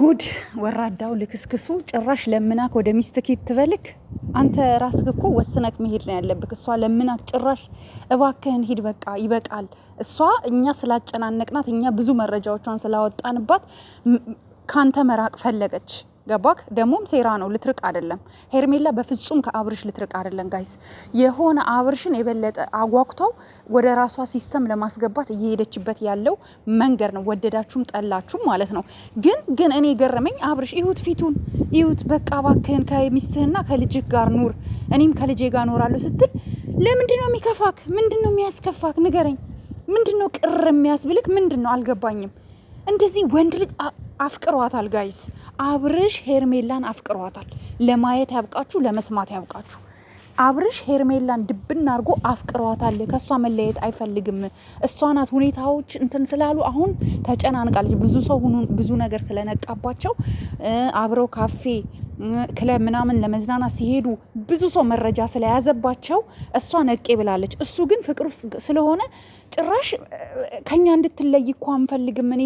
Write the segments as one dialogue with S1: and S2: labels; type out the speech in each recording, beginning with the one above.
S1: ጉድ ወራዳው ልክስክሱ ጭራሽ ለምናክ ወደ ሚስትኪት ትበልክ።
S2: አንተ ራስህ እኮ ወስነክ መሄድ ነው ያለብክ። እሷ ለምናክ ጭራሽ እባክህን ሂድ፣ በቃ ይበቃል። እሷ እኛ ስላጨናነቅናት፣ እኛ ብዙ መረጃዎቿን ስላወጣንባት ካንተ መራቅ ፈለገች። ገባክ? ደግሞም ሴራ ነው። ልትርቅ አይደለም ሄርሜላ፣ በፍጹም ከአብርሽ ልትርቅ አይደለም። ጋይስ የሆነ አብርሽን የበለጠ አጓጉተው ወደ ራሷ ሲስተም ለማስገባት እየሄደችበት ያለው መንገድ ነው። ወደዳችሁም ጠላችሁም ማለት ነው። ግን ግን እኔ ገረመኝ አብርሽ፣ ይሁት ፊቱን ይሁት፣ በቃ ባክህን ከሚስትህና ከልጅህ ጋር ኑር፣ እኔም ከልጄ ጋር ኖራለሁ ስትል ለምንድን ነው የሚከፋክ? ምንድን ነው የሚያስከፋክ? ንገረኝ። ምንድን ነው ቅር የሚያስብልክ? ምንድን ነው አልገባኝም። እንደዚህ ወንድ ልጅ አፍቅሯታል። ጋይስ አብርሽ ሄርሜላን አፍቅሯታል። ለማየት ያብቃችሁ፣ ለመስማት ያብቃችሁ። አብርሽ ሄርሜላን ድብና አድርጎ አፍቅሯታል። ከእሷ መለየት አይፈልግም። እሷ ናት ሁኔታዎች እንትን ስላሉ አሁን ተጨናንቃለች። ብዙ ሰው ብዙ ነገር ስለነቃባቸው አብረው ካፌ ክለብ ምናምን ለመዝናናት ሲሄዱ ብዙ ሰው መረጃ ስለያዘባቸው እሷ ነቄ ብላለች። እሱ ግን ፍቅር ውስጥ ስለሆነ ጭራሽ ከኛ እንድትለይ እኮ አንፈልግም፣ እኔ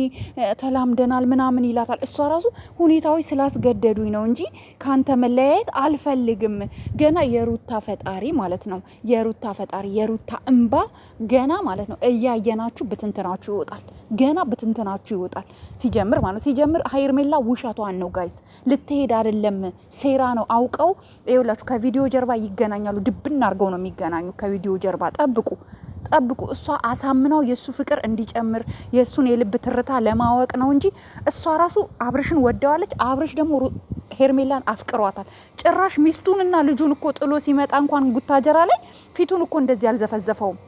S2: ተላምደናል ምናምን ይላታል። እሷ ራሱ ሁኔታዎች ስላስገደዱኝ ነው እንጂ ከአንተ መለያየት አልፈልግም። ገና የሩታ ፈጣሪ ማለት ነው የሩታ ፈጣሪ የሩታ እንባ ገና ማለት ነው እያየናችሁ ብትንትናችሁ ይወጣል። ገና ብትንትናችሁ ይወጣል። ሲጀምር ማለት ሲጀምር ሀይርሜላ ውሸቷን ነው ጋይስ፣ ልትሄድ አይደለም ሴራ ነው አውቀው። ይኸውላችሁ ከቪዲዮ ጀርባ ይገናኛሉ። ድብና አድርገው ነው የሚገናኙ ከቪዲዮ ጀርባ። ጠብቁ ጠብቁ። እሷ አሳምናው የእሱ ፍቅር እንዲጨምር የእሱን የልብ ትርታ ለማወቅ ነው እንጂ እሷ ራሱ አብርሽን ወደዋለች። አብርሽ ደግሞ ሄርሜላን አፍቅሯታል። ጭራሽ ሚስቱንና ልጁን እኮ ጥሎ ሲመጣ እንኳን ጉታጀራ ላይ ፊቱን እኮ እንደዚህ አልዘፈዘፈውም።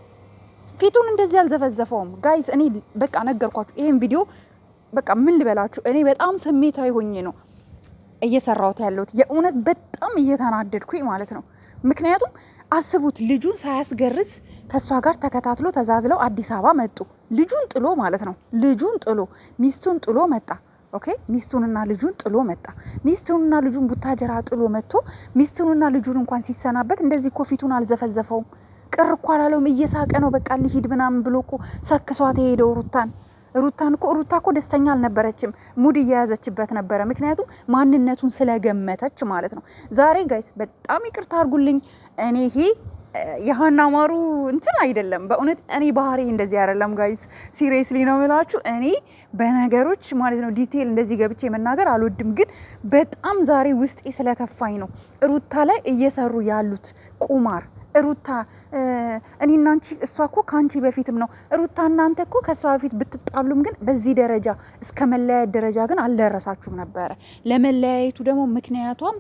S2: ፊቱን እንደዚህ አልዘፈዘፈውም። ጋይስ እኔ በቃ ነገርኳችሁ። ይሄን ቪዲዮ በቃ ምን ልበላችሁ፣ እኔ በጣም ስሜታዊ ሆኜ ነው እየሰራሁት ያለሁት። የእውነት በጣም እየተናደድኩ ማለት ነው። ምክንያቱም አስቡት ልጁን ሳያስገርዝ ከእሷ ጋር ተከታትሎ ተዛዝለው አዲስ አበባ መጡ። ልጁን ጥሎ ማለት ነው። ልጁን ጥሎ ሚስቱን ጥሎ መጣ። ኦኬ ሚስቱንና ልጁን ጥሎ መጣ። ሚስቱንና ልጁን ቡታጀራ ጥሎ መጥቶ ሚስቱንና ልጁን እንኳን ሲሰናበት እንደዚህ እኮ ፊቱን አልዘፈዘፈውም። ቅር እኮ አላለውም። እየሳቀ ነው በቃ ሊሂድ ምናምን ብሎ እኮ ሰክሷት የሄደው ሩታን ሩታን እኮ ሩታ እኮ ደስተኛ አልነበረችም። ሙድ እየያዘችበት ነበረ፣ ምክንያቱም ማንነቱን ስለገመተች ማለት ነው። ዛሬ ጋይስ በጣም ይቅርታ አድርጉልኝ። እኔ ይሄ የሀና ማሩ እንትን አይደለም። በእውነት እኔ ባህሪ እንደዚህ አይደለም ጋይስ፣ ሲሪየስሊ ነው የምላችሁ። እኔ በነገሮች ማለት ነው ዲቴይል እንደዚህ ገብቼ መናገር አልወድም፣ ግን በጣም ዛሬ ውስጤ ስለከፋኝ ነው ሩታ ላይ እየሰሩ ያሉት ቁማር ሩታ እኔ እናንቺ እሷ እኮ ከአንቺ በፊትም ነው ሩታ እናንተ እኮ ከእሷ በፊት ብትጣሉም ግን በዚህ ደረጃ እስከ መለያየት ደረጃ ግን አልደረሳችሁም ነበረ። ለመለያየቱ ደግሞ ምክንያቷም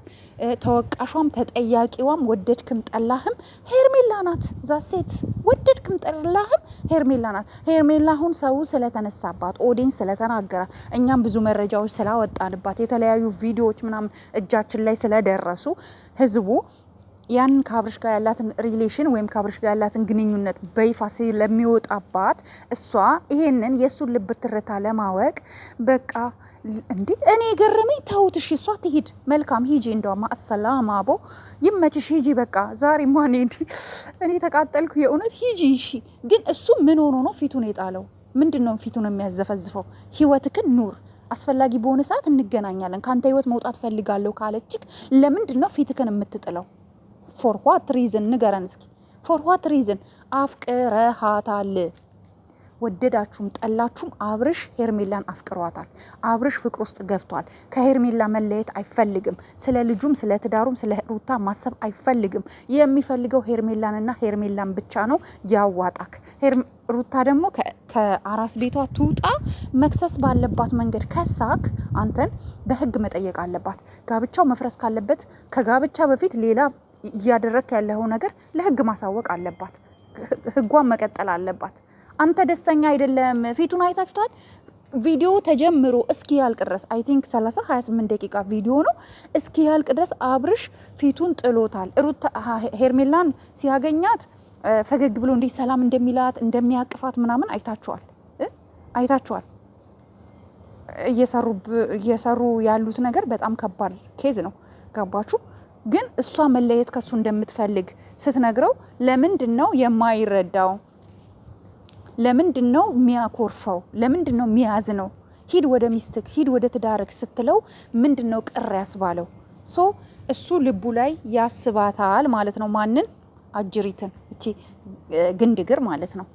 S2: ተወቃሿም ተጠያቂዋም ወደድክም ጠላህም ሄርሜላ ናት። ሴት ወደድክም ጠላህም ሄርሜላ ናት። ሄርሜላ አሁን ሰው ስለተነሳባት ኦዲንስ ስለተናገራት እኛም ብዙ መረጃዎች ስላወጣንባት የተለያዩ ቪዲዮዎች ምናምን እጃችን ላይ ስለደረሱ ህዝቡ ያን ከአብርሽ ጋር ያላትን ሪሌሽን ወይም ከአብርሽ ጋር ያላትን ግንኙነት በይፋ ስለሚወጣባት እሷ ይሄንን የእሱን ልብ ትርታ ለማወቅ በቃ እንዴ እኔ ገርሜ ተውት እሺ፣ እሷ ትሂድ። መልካም ሂጂ፣ እንደማ አሰላም አቦ ይመችሽ፣ ሂጂ በቃ ዛሬ ማን እኔ ተቃጠልኩ፣ የእውነት ሂጂ። እሺ፣ ግን እሱ ምን ሆኖ ነው ፊቱን የጣለው? ምንድን ነው ፊቱን የሚያዘፈዝፈው? ህይወትክን ኑር አስፈላጊ በሆነ ሰዓት እንገናኛለን። ከአንተ ህይወት መውጣት ፈልጋለሁ ካለችክ ለምንድን ነው ፊትክን የምትጥለው? ፎር ዋት ሪዝን ንገረን እስኪ። ፎር ዋት ሪዝን አፍቅረሃታል። ወደዳችሁም ጠላችሁም አብርሽ ሄርሜላን አፍቅሯታል። አብርሽ ፍቅር ውስጥ ገብቷል። ከሄርሜላ መለየት አይፈልግም። ስለ ልጁም ስለ ትዳሩም ስለ ሩታ ማሰብ አይፈልግም። የሚፈልገው ሄርሜላንና ሄርሜላን ብቻ ነው። ያዋጣክ። ሩታ ደግሞ ከአራስ ቤቷ ትውጣ። መክሰስ ባለባት መንገድ ከሳክ አንተን በህግ መጠየቅ አለባት። ጋብቻው መፍረስ ካለበት ከጋብቻ በፊት ሌላ እያደረክ ያለኸው ነገር ለህግ ማሳወቅ አለባት። ህጓን መቀጠል አለባት። አንተ ደስተኛ አይደለም። ፊቱን አይታችኋል። ቪዲዮ ተጀምሮ እስኪ ያልቅ ድረስ አይ ቲንክ 30 28 ደቂቃ ቪዲዮ ነው። እስኪ ያልቅ ድረስ አብርሽ ፊቱን ጥሎታል። ሩት ሄርሜላን ሲያገኛት ፈገግ ብሎ እንዴት ሰላም እንደሚላት እንደሚያቅፋት ምናምን አይታችኋል አይታችኋል። እየሰሩ ያሉት ነገር በጣም ከባድ ኬዝ ነው። ገባችሁ? ግን እሷ መለየት ከሱ እንደምትፈልግ ስትነግረው ለምንድን ነው የማይረዳው? ለምንድን ነው የሚያኮርፈው? ለምንድን ነው የሚያዝ ነው? ሂድ ወደ ሚስትክ፣ ሂድ ወደ ትዳርክ ስትለው ምንድን ነው ቅር ያስባለው? ሶ እሱ ልቡ ላይ ያስባታል ማለት ነው። ማንን? አጅሪትን፣ እቺ ግንድግር ማለት ነው።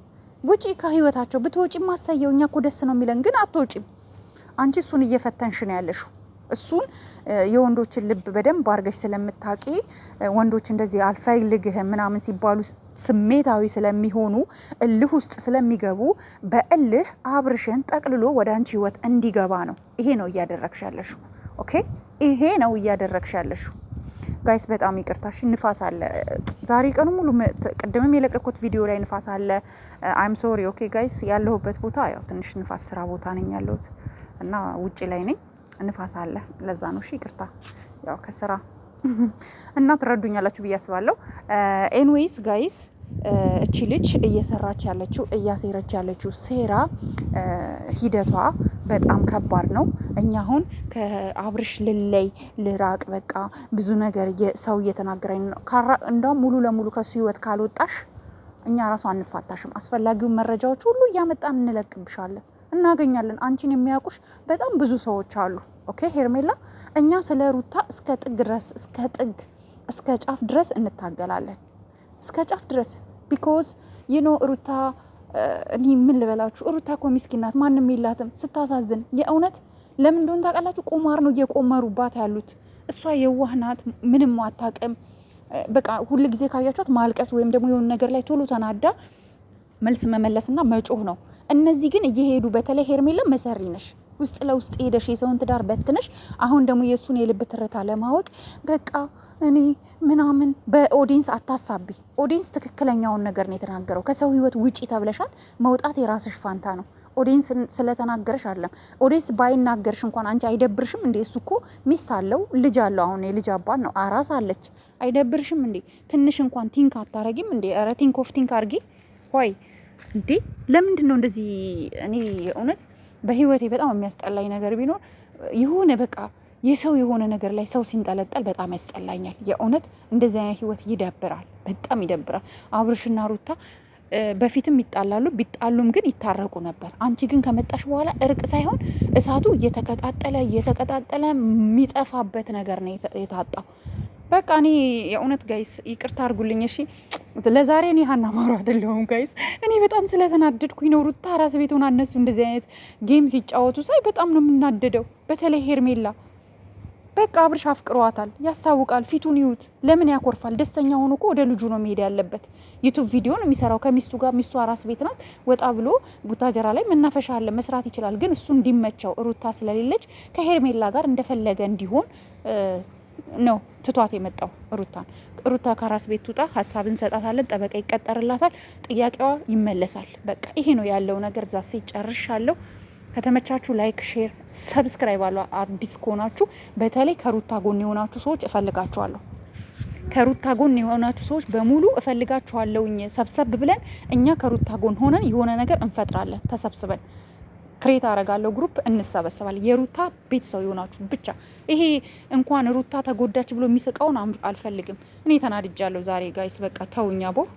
S2: ውጪ ከህይወታቸው ብትወጪ ማሳየው፣ እኛ እኮ ደስ ነው የሚለን። ግን አትወጪም። አንቺ እሱን እየፈተንሽ ነው ያለሽው እሱን የወንዶችን ልብ በደንብ አድርገሽ ስለምታቂ ወንዶች እንደዚህ አልፈልግህም ምናምን ሲባሉ ስሜታዊ ስለሚሆኑ እልህ ውስጥ ስለሚገቡ በእልህ አብርሽን ጠቅልሎ ወደ አንቺ ህይወት እንዲገባ ነው። ይሄ ነው እያደረግሽ ያለሹ። ኦኬ፣ ይሄ ነው እያደረግሽ ያለሹ። ጋይስ በጣም ይቅርታሽ፣ ንፋስ አለ ዛሬ ቀኑ ሙሉ። ቅድምም የለቀኩት ቪዲዮ ላይ ንፋስ አለ። አይም ሶሪ ኦኬ ጋይስ። ያለሁበት ቦታ ያው ትንሽ ንፋስ ስራ ቦታ ነኝ ያለሁት እና ውጭ ላይ ነኝ ንፋስ አለ። ለዛ ነው እሺ፣ ይቅርታ ያው ከስራ እና ትረዱኛላችሁ ብዬ አስባለሁ። ኤንዌይስ ጋይስ እቺ ልጅ እየሰራች ያለችው እያሴረች ያለችው ሴራ ሂደቷ በጣም ከባድ ነው። እኛ አሁን ከአብርሽ ልለይ ልራቅ፣ በቃ ብዙ ነገር ሰው እየተናገረኝ ነው። እንደውም ሙሉ ለሙሉ ከሱ ህይወት ካልወጣሽ እኛ ራሱ አንፋታሽም፣ አስፈላጊውን መረጃዎች ሁሉ እያመጣን እንለቅብሻለን። እናገኛለን። አንቺን የሚያውቁሽ በጣም ብዙ ሰዎች አሉ። ኦኬ ሄርሜላ፣ እኛ ስለ ሩታ እስከ ጥግ ድረስ እስከ ጥግ እስከ ጫፍ ድረስ እንታገላለን፣ እስከ ጫፍ ድረስ ቢኮዝ ይኖ ሩታ እኔ ምን ልበላችሁ፣ ሩታ እኮ ምስኪን ናት፣ ማንም የላትም። ስታሳዝን የእውነት ለምን እንደሆነ ታውቃላችሁ? ቁማር ነው እየቆመሩባት ያሉት። እሷ የዋህ ናት፣ ምንም አታውቅም። በቃ ሁል ጊዜ ካያችኋት ማልቀስ ወይም ደግሞ የሆኑ ነገር ላይ ቶሎ ተናዳ መልስ መመለስና መጮህ ነው። እነዚህ ግን እየሄዱ በተለይ ሄርሜላ መሰሪ ነሽ ውስጥ ለውስጥ ሄደሽ የሰውን ትዳር በትነሽ፣ አሁን ደግሞ የእሱን የልብ ትርታ ለማወቅ በቃ እኔ ምናምን በኦዲንስ አታሳቢ። ኦዲንስ ትክክለኛውን ነገር ነው የተናገረው። ከሰው ህይወት ውጪ ተብለሻል። መውጣት የራስሽ ፋንታ ነው። ኦዲንስ ስለተናገረሽ አለም ኦዲንስ ባይናገርሽ እንኳን አንቺ አይደብርሽም እንዴ? እሱ እኮ ሚስት አለው ልጅ አለው። አሁን የልጅ አባት ነው። አራስ አለች። አይደብርሽም እንዴ? ትንሽ እንኳን ቲንክ አታረጊም እንዴ? ኧረ ቲንክ ኦፍ ቲንክ አርጊ ሆይ እንዴ ለምንድን ነው እንደዚህ? እኔ እውነት በህይወቴ በጣም የሚያስጠላኝ ነገር ቢኖር የሆነ በቃ የሰው የሆነ ነገር ላይ ሰው ሲንጠለጠል በጣም ያስጠላኛል። የእውነት እንደዚህ አይነት ህይወት ይደብራል፣ በጣም ይደብራል። አብርሽና ሩታ በፊትም ይጣላሉ፣ ቢጣሉም ግን ይታረቁ ነበር። አንቺ ግን ከመጣሽ በኋላ እርቅ ሳይሆን እሳቱ እየተቀጣጠለ እየተቀጣጠለ የሚጠፋበት ነገር ነው የታጣው። በቃ እኔ የእውነት ጋይስ ይቅርታ አርጉልኝ። እሺ ለዛሬ እኔ ሀና ማሩ አይደለሁም ጋይስ። እኔ በጣም ስለተናደድኩኝ ነው። ሩታ ራስ ቤት ሆና እነሱ እንደዚህ አይነት ጌም ሲጫወቱ ሳይ በጣም ነው የምናደደው። በተለይ ሄርሜላ በቃ አብርሽ አፍቅሯታል፣ ያስታውቃል። ፊቱን ይዩት። ለምን ያኮርፋል? ደስተኛ ሆኖ እኮ ወደ ልጁ ነው መሄድ ያለበት። ዩቱብ ቪዲዮ ነው የሚሰራው ከሚስቱ ጋር። ሚስቱ አራስ ቤት ናት። ወጣ ብሎ ቡታጀራ ላይ መናፈሻ አለ፣ መስራት ይችላል። ግን እሱ እንዲመቸው ሩታ ስለሌለች ከሄርሜላ ጋር እንደፈለገ እንዲሆን ነው ትቷት የመጣው ሩታን። ሩታ ከራስ ቤት ትውጣ፣ ሀሳብ እንሰጣታለን፣ ጠበቃ ይቀጠርላታል፣ ጥያቄዋ ይመለሳል። በቃ ይሄ ነው ያለው ነገር። እዛ ሲጨርሻለሁ። ከተመቻችሁ ላይክ፣ ሼር፣ ሰብስክራይብ አሉ። አዲስ ከሆናችሁ በተለይ ከሩታ ጎን የሆናችሁ ሰዎች እፈልጋችኋለሁ። ከሩታ ጎን የሆናችሁ ሰዎች በሙሉ እፈልጋችኋለሁኝ። ሰብሰብ ብለን እኛ ከሩታ ጎን ሆነን የሆነ ነገር እንፈጥራለን ተሰብስበን ክሬት አረጋለሁ ግሩፕ እንሰበሰባል። የሩታ ቤተሰብ የሆናችሁ ብቻ ይሄ እንኳን ሩታ ተጎዳች ብሎ የሚስቀውን አልፈልግም። እኔ ተናድጃለሁ ዛሬ ጋይስ። በቃ ተውኛ ቦ